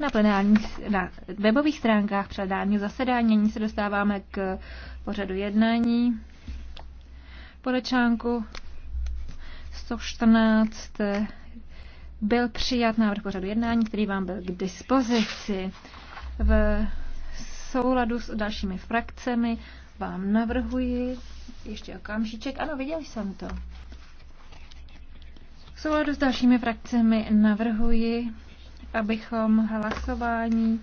Na, plenární, na webových stránkách předání zasedání nyní se dostáváme k pořadu jednání. Podle článku 114 byl přijat návrh pořadu jednání, který vám byl k dispozici. V souladu s dalšími frakcemi vám navrhuji ještě okamžiček. Ano, viděl jsem to. V souladu s dalšími frakcemi navrhuji abychom hlasování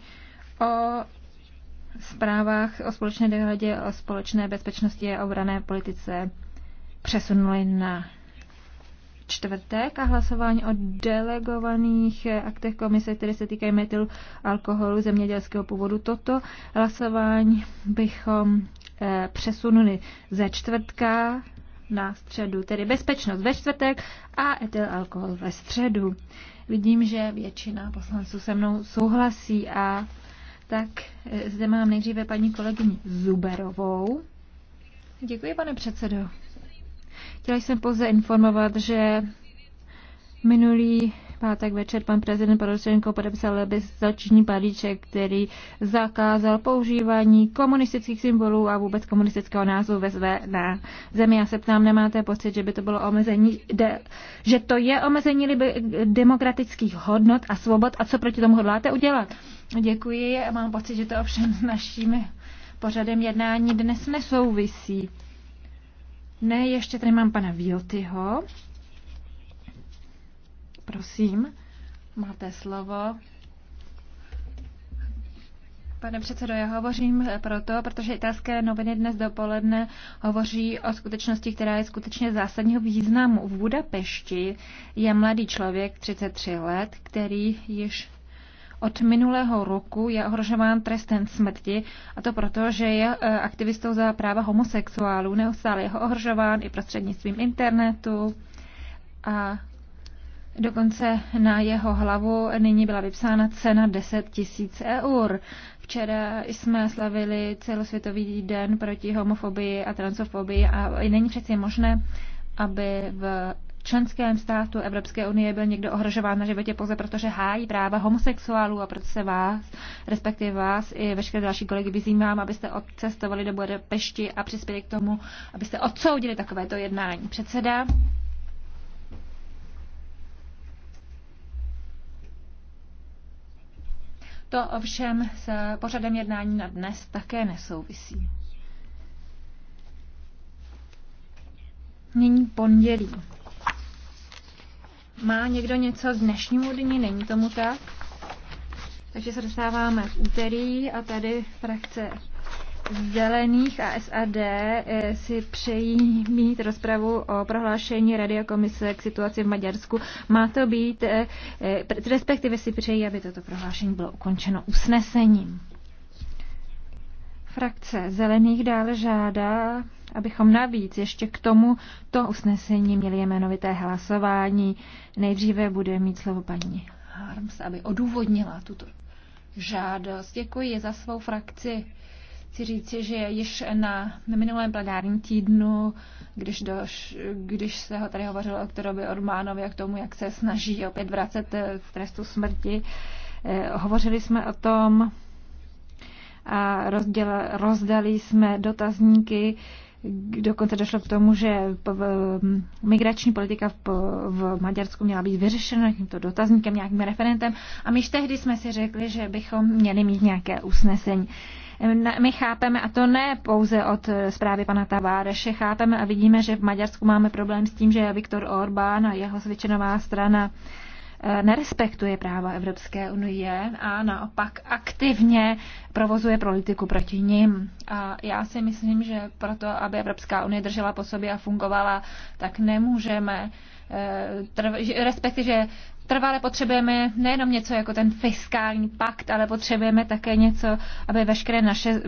o zprávách o společné dohledě o společné bezpečnosti a obrané politice přesunuli na čtvrtek a hlasování o delegovaných aktech komise, které se týkají metyl alkoholu zemědělského původu. Toto hlasování bychom eh, přesunuli ze čtvrtka na středu, tedy bezpečnost ve čtvrtek a etyl alkohol ve středu. Vidím, že většina poslanců se mnou souhlasí a tak eh, zde mám nejdříve paní kolegyni Zuberovou. Děkuji, pane předsedo. Chtěla jsem pouze informovat, že minulý pátek večer pan prezident Porošenko podepsal legislační balíček, který zakázal používání komunistických symbolů a vůbec komunistického názvu ve své na zemi. Já se ptám, nemáte pocit, že by to bylo omezení, de, že to je omezení liby, demokratických hodnot a svobod a co proti tomu hodláte udělat? Děkuji a mám pocit, že to ovšem s naším pořadem jednání dnes nesouvisí. Ne, ještě tady mám pana Viltyho. Prosím, máte slovo. Pane předsedo, já hovořím proto, protože italské noviny dnes dopoledne hovoří o skutečnosti, která je skutečně zásadního významu. V Budapešti je mladý člověk, 33 let, který již od minulého roku je ohrožován trestem smrti, a to proto, že je e, aktivistou za práva homosexuálů. Neustále je ohrožován i prostřednictvím internetu a Dokonce na jeho hlavu nyní byla vypsána cena 10 tisíc eur. Včera jsme slavili celosvětový den proti homofobii a transofobii a není přeci možné, aby v členském státu Evropské unie byl někdo ohrožován na životě pouze proto, že hájí práva homosexuálů a proto se vás, respektive vás i veškeré další kolegy vyzývám, abyste odcestovali do Budapešti a přispěli k tomu, abyste odsoudili takovéto jednání. Předseda. To ovšem s pořadem jednání na dnes také nesouvisí. Nyní pondělí. Má někdo něco z dnešního dní? Není tomu tak? Takže se dostáváme v úterý a tady frakce zelených a SAD eh, si přejí mít rozpravu o prohlášení radiokomise k situaci v Maďarsku. Má to být, eh, eh, respektive si přejí, aby toto prohlášení bylo ukončeno usnesením. Frakce zelených dále žádá, abychom navíc ještě k tomu to usnesení měli jmenovité hlasování. Nejdříve bude mít slovo paní Harms, aby odůvodnila tuto žádost. Děkuji za svou frakci chci říci, že již na minulém plenárním týdnu, když, doš, když se ho tady hovořilo o Kterovi Ormánovi a k tomu, jak se snaží opět vracet k eh, trestu smrti, eh, hovořili jsme o tom a rozděl, rozdali jsme dotazníky, Dokonce došlo k tomu, že migrační politika v, v Maďarsku měla být vyřešena tímto dotazníkem, nějakým referentem. A my tehdy jsme si řekli, že bychom měli mít nějaké usnesení. My chápeme, a to ne pouze od eh, zprávy pana Taváreše, chápeme a vidíme, že v Maďarsku máme problém s tím, že Viktor Orbán a jeho zvětšinová strana eh, nerespektuje práva Evropské unie a naopak aktivně provozuje politiku proti nim. A já si myslím, že proto, aby Evropská unie držela po sobě a fungovala, tak nemůžeme eh, respektive, že Trvale potřebujeme nejenom něco jako ten fiskální pakt, ale potřebujeme také něco, aby veškeré naše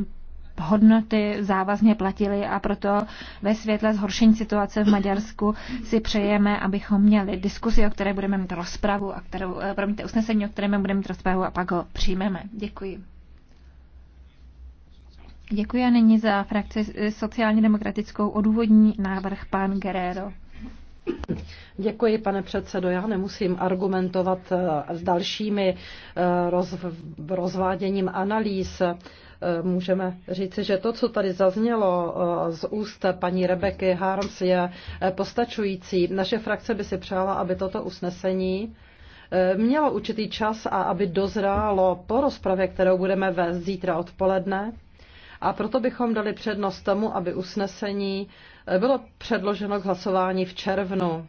hodnoty závazně platily a proto ve světle zhoršení situace v Maďarsku si přejeme, abychom měli diskusi, o které budeme mít rozpravu a kterou, eh, promiňte, usnesení, o kterém budeme mít rozpravu a pak ho přijmeme. Děkuji. Děkuji a nyní za frakci eh, sociálně demokratickou odůvodní návrh pan Guerrero. Děkuji, pane předsedo. Já nemusím argumentovat eh, s dalšími eh, roz, rozváděním analýz. Eh, můžeme říci, že to, co tady zaznělo z úst paní Rebeky Harms, je postačující. Naše frakce by si přála, aby toto usnesení mělo určitý čas a aby dozrálo po rozpravě, kterou budeme vést zítra odpoledne a proto bychom dali přednost tomu, aby usnesení eh, bylo předloženo k hlasování v červnu.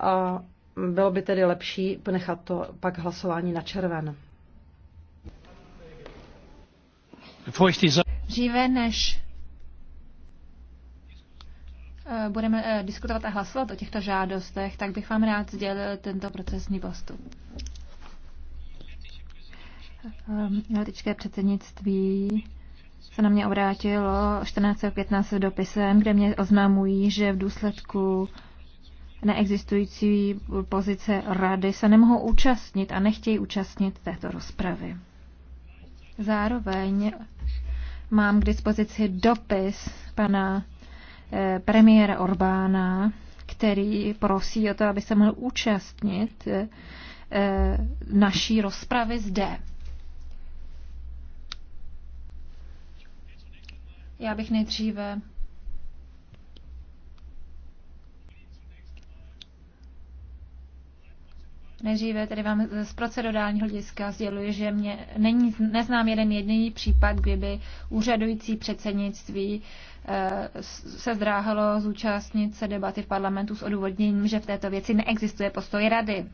A bylo by tedy lepší nechat to pak hlasování na červen. Dříve než eh, budeme eh, diskutovat a hlasovat o těchto žádostech, tak bych vám rád sdělil tento procesní postup. Letičké předsednictví se na mě obrátilo 15. dopisem, kde mě oznamují, že v důsledku neexistující pozice rady se nemohou účastnit a nechtějí účastnit této rozpravy. Zároveň mám k dispozici dopis pana eh, premiéra Orbána, který prosí o to, aby se mohl účastnit eh, eh, naší rozpravy zde. Já bych nejdříve Nejdříve tedy vám z procedurálního hlediska sděluji, že mě není, neznám jeden jediný případ, kdyby úřadující předsednictví eh, se zdráhalo zúčastnit se debaty v parlamentu s odůvodněním, že v této věci neexistuje postoj rady.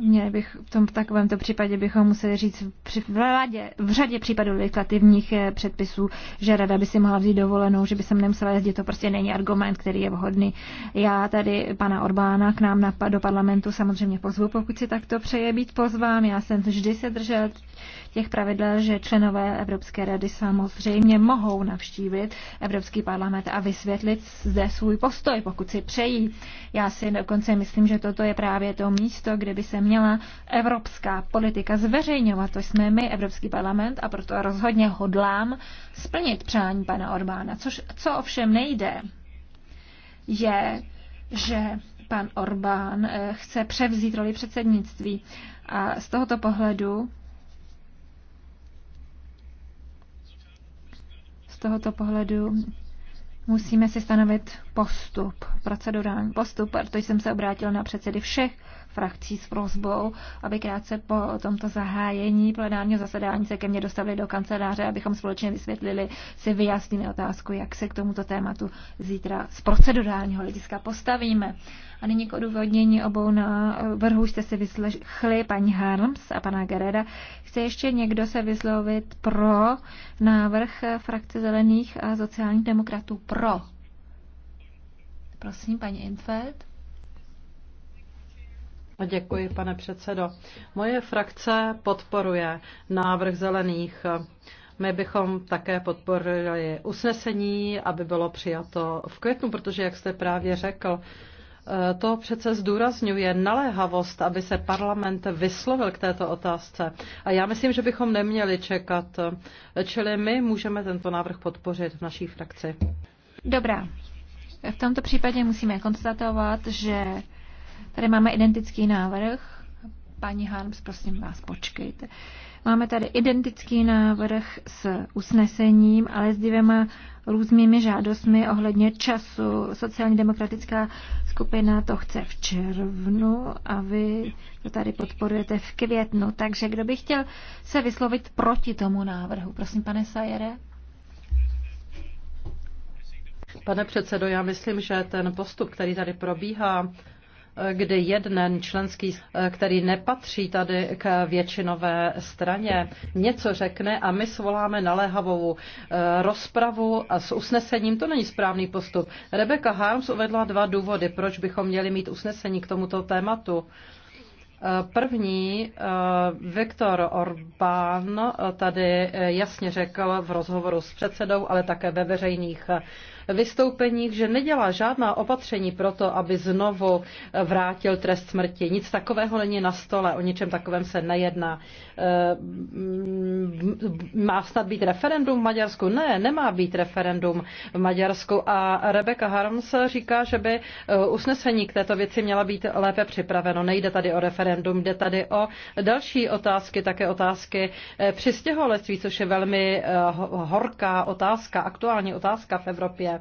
Měli bych, v tom v takovémto případě bychom museli říct při, v, radě, v řadě případů legislativních eh, předpisů, že rada by si mohla vzít dovolenou, že by se nemusela jezdit. To prostě není argument, který je vhodný. Já tady pana Orbána k nám na, do parlamentu samozřejmě pozvu, pokud si takto přeje být pozván. Já jsem vždy se držel těch pravidel, že členové Evropské rady samozřejmě mohou navštívit Evropský parlament a vysvětlit zde svůj postoj, pokud si přejí. Já si dokonce myslím, že toto je právě to místo, kde by se měla evropská politika zveřejňovat. To jsme my, Evropský parlament, a proto rozhodně hodlám splnit přání pana Orbána. Což, co ovšem nejde, je, že pan Orbán eh, chce převzít roli předsednictví. A z tohoto pohledu z tohoto pohledu musíme si stanovit postup, procedurální postup, protože jsem se obrátil na předsedy všech frakcí s prozbou, aby krátce po tomto zahájení plenárního zasedání se ke mně dostavili do kanceláře, abychom společně vysvětlili, si vyjasnili otázku, jak se k tomuto tématu zítra z procedurálního hlediska postavíme. A nyní k odůvodnění obou na vrhu jste si vyslechli paní Harms a pana Gereda. Chce ještě někdo se vyslovit pro návrh frakce zelených a sociálních demokratů pro? Prosím, paní Infeld. Děkuji, pane předsedo. Moje frakce podporuje návrh zelených. My bychom také podporili usnesení, aby bylo přijato v květnu, protože, jak jste právě řekl, to přece zdůrazňuje naléhavost, aby se parlament vyslovil k této otázce. A já myslím, že bychom neměli čekat. Čili my můžeme tento návrh podpořit v naší frakci. Dobrá. V tomto případě musíme konstatovat, že Tady máme identický návrh. Paní Harms, prosím vás, počkejte. Máme tady identický návrh s usnesením, ale s dvěma různými žádostmi ohledně času. Sociálně demokratická skupina to chce v červnu a vy to tady podporujete v květnu. Takže kdo by chtěl se vyslovit proti tomu návrhu? Prosím, pane Sajere. Pane předsedo, já myslím, že ten postup, který tady probíhá, kdy jeden členský, který nepatří tady k většinové straně, něco řekne a my svoláme naléhavou eh, rozpravu a s usnesením, to není správný postup. Rebecca Harms uvedla dva důvody, proč bychom měli mít usnesení k tomuto tématu. Eh, první, eh, Viktor Orbán tady jasně řekl v rozhovoru s předsedou, ale také ve veřejných vystoupeních, že nedělá žádná opatření pro to, aby znovu vrátil trest smrti. Nic takového není na stole, o ničem takovém se nejedná. Eh, má snad být referendum v Maďarsku? Ne, nemá být referendum v Maďarsku. A Rebecca Harms říká, že by eh, usnesení k této věci měla být lépe připraveno. Nejde tady o referendum, jde tady o další otázky, také otázky eh, přistěholectví, což je velmi horká otázka, aktuální otázka v Evropě.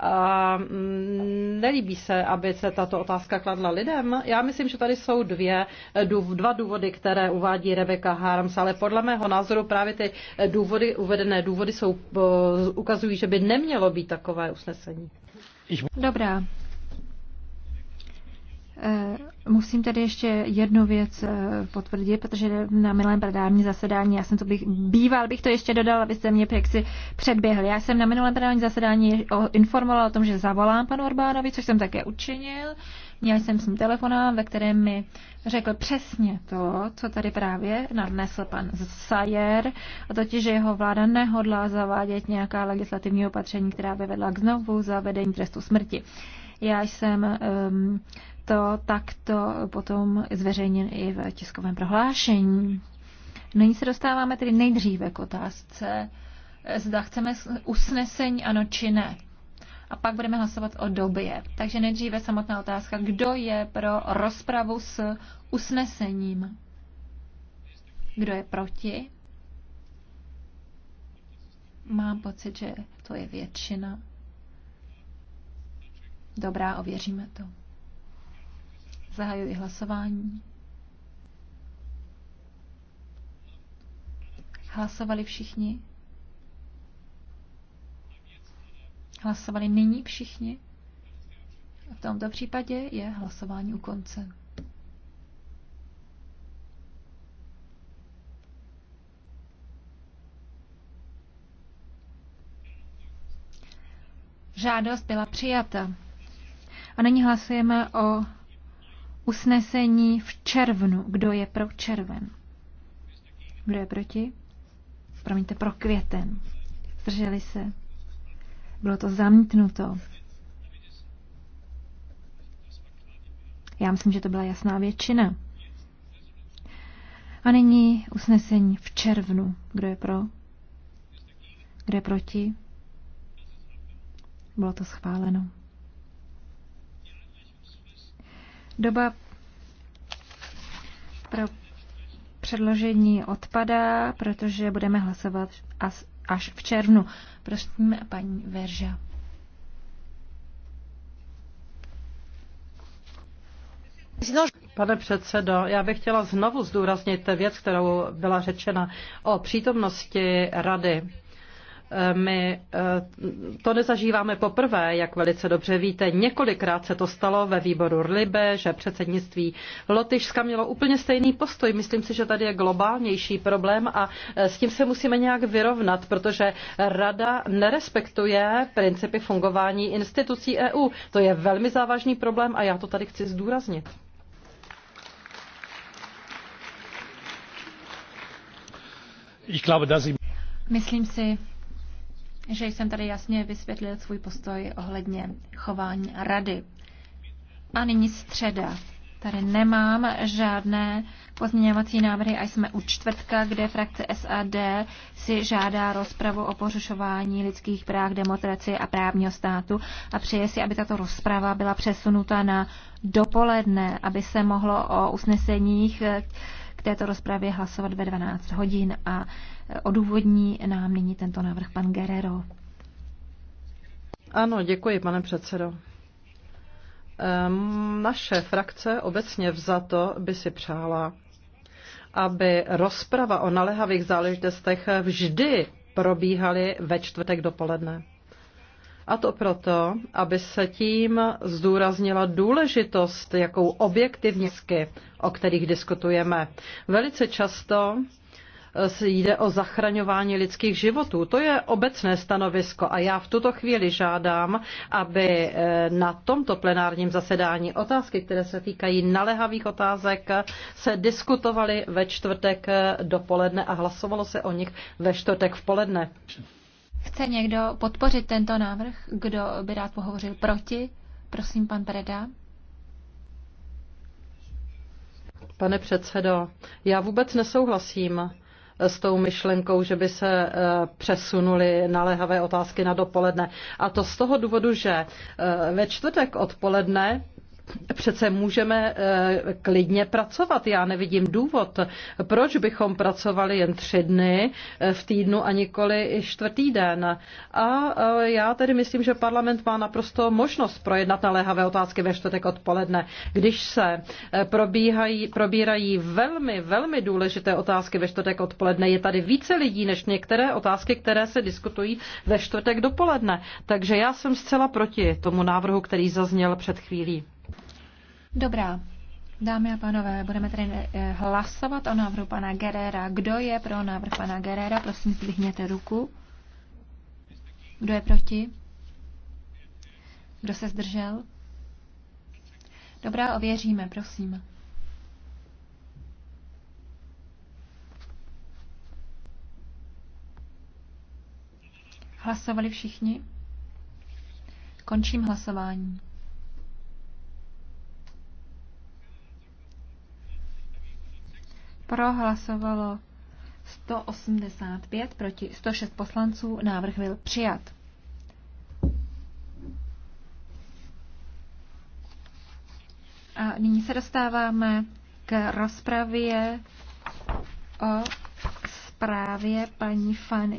A mm, nelíbí se, aby se tato otázka kladla lidem. Já myslím, že tady jsou dvě, dva důvody, které uvádí Rebecca Harms, ale podle mého názoru právě ty důvody, uvedené důvody jsou, eh, ukazují, že by nemělo být takové usnesení. Dobrá, Eh, musím tady ještě jednu věc eh, potvrdit, protože na minulém plenárním zasedání, já jsem to bych, býval, bych to ještě dodal, abyste mě jaksi předběhli. Já jsem na minulém plenárním zasedání informoval o tom, že zavolám panu Orbánovi, což jsem také učinil. Měl jsem s ním telefonát, ve kterém mi řekl přesně to, co tady právě nadnesl pan Sajer, a totiž, že jeho vláda nehodlá zavádět nějaká legislativní opatření, která by vedla k znovu zavedení trestu smrti. Já jsem um, to takto potom zveřejněn i v tiskovém prohlášení. Nyní se dostáváme tedy nejdříve k otázce, zda chceme usnesení ano či ne. A pak budeme hlasovat o době. Takže nejdříve samotná otázka, kdo je pro rozpravu s usnesením? Kdo je proti? Mám pocit, že to je většina. Dobrá, ověříme to. Zahajuji hlasování. Hlasovali všichni? Hlasovali nyní všichni? V tomto případě je hlasování u konce. Žádost byla přijata. A nyní hlasujeme o usnesení v červnu. Kdo je pro červen? Kdo je proti? Promiňte, pro květen. Zdrželi se. Bylo to zamítnuto. Já myslím, že to byla jasná většina. A nyní usnesení v červnu. Kdo je pro? Kdo je proti? Bylo to schváleno. Doba pro předložení odpadá, protože budeme hlasovat až v červnu. Prosím, paní Verža. Pane předsedo, já bych chtěla znovu zdůraznit věc, kterou byla řečena o přítomnosti rady. My eh, to nezažíváme poprvé, jak velice dobře víte. Několikrát se to stalo ve výboru Libe, že předsednictví Lotyšska mělo úplně stejný postoj. Myslím si, že tady je globálnější problém a eh, s tím se musíme nějak vyrovnat, protože Rada nerespektuje principy fungování institucí EU. To je velmi závažný problém a já to tady chci zdůraznit. Ich glaube, dass Myslím si, že jsem tady jasně vysvětlil svůj postoj ohledně chování rady. A nyní středa. Tady nemám žádné pozměňovací návrhy a jsme u čtvrtka, kde frakce SAD si žádá rozpravu o porušování lidských práv, demokracie a právního státu a přeje si, aby tato rozprava byla přesunuta na dopoledne, aby se mohlo o usneseních k této rozpravě hlasovat ve 12 hodin a odůvodní nám nyní tento návrh pan Guerrero. Ano, děkuji, pane předsedo. Naše frakce obecně vzato by si přála, aby rozprava o naléhavých záležitostech vždy probíhaly ve čtvrtek dopoledne. A to proto, aby se tím zdůraznila důležitost, jakou objektivně, o kterých diskutujeme. Velice často eh, jde o zachraňování lidských životů. To je obecné stanovisko a já v tuto chvíli žádám, aby eh, na tomto plenárním zasedání otázky, které se týkají nalehavých otázek, se diskutovaly ve čtvrtek eh, dopoledne a hlasovalo se o nich ve čtvrtek v poledne. Chce někdo podpořit tento návrh? Kdo by rád pohovořil proti? Prosím, pan Preda. Pane předsedo, já vůbec nesouhlasím s tou myšlenkou, že by se eh, přesunuly naléhavé otázky na dopoledne. A to z toho důvodu, že eh, ve čtvrtek odpoledne Přece můžeme eh, klidně pracovat. Já nevidím důvod, proč bychom pracovali jen tři dny eh, v týdnu a nikoli i čtvrtý den. A eh, já tedy myslím, že parlament má naprosto možnost projednat naléhavé otázky ve čtvrtek odpoledne, když se probíhají, probírají velmi, velmi důležité otázky ve čtvrtek odpoledne. Je tady více lidí než některé otázky, které se diskutují ve čtvrtek dopoledne. Takže já jsem zcela proti tomu návrhu, který zazněl před chvílí. Dobrá. Dámy a pánové, budeme tedy eh, hlasovat o návrhu pana Gerera. Kdo je pro návrh pana Gerera? Prosím, zdvihněte ruku. Kdo je proti? Kdo se zdržel? Dobrá, ověříme, prosím. Hlasovali všichni? Končím hlasování. Pro hlasovalo 185, proti 106 poslanců. Návrh byl přijat. A nyní se dostáváme k rozpravě o zprávě paní Fanny.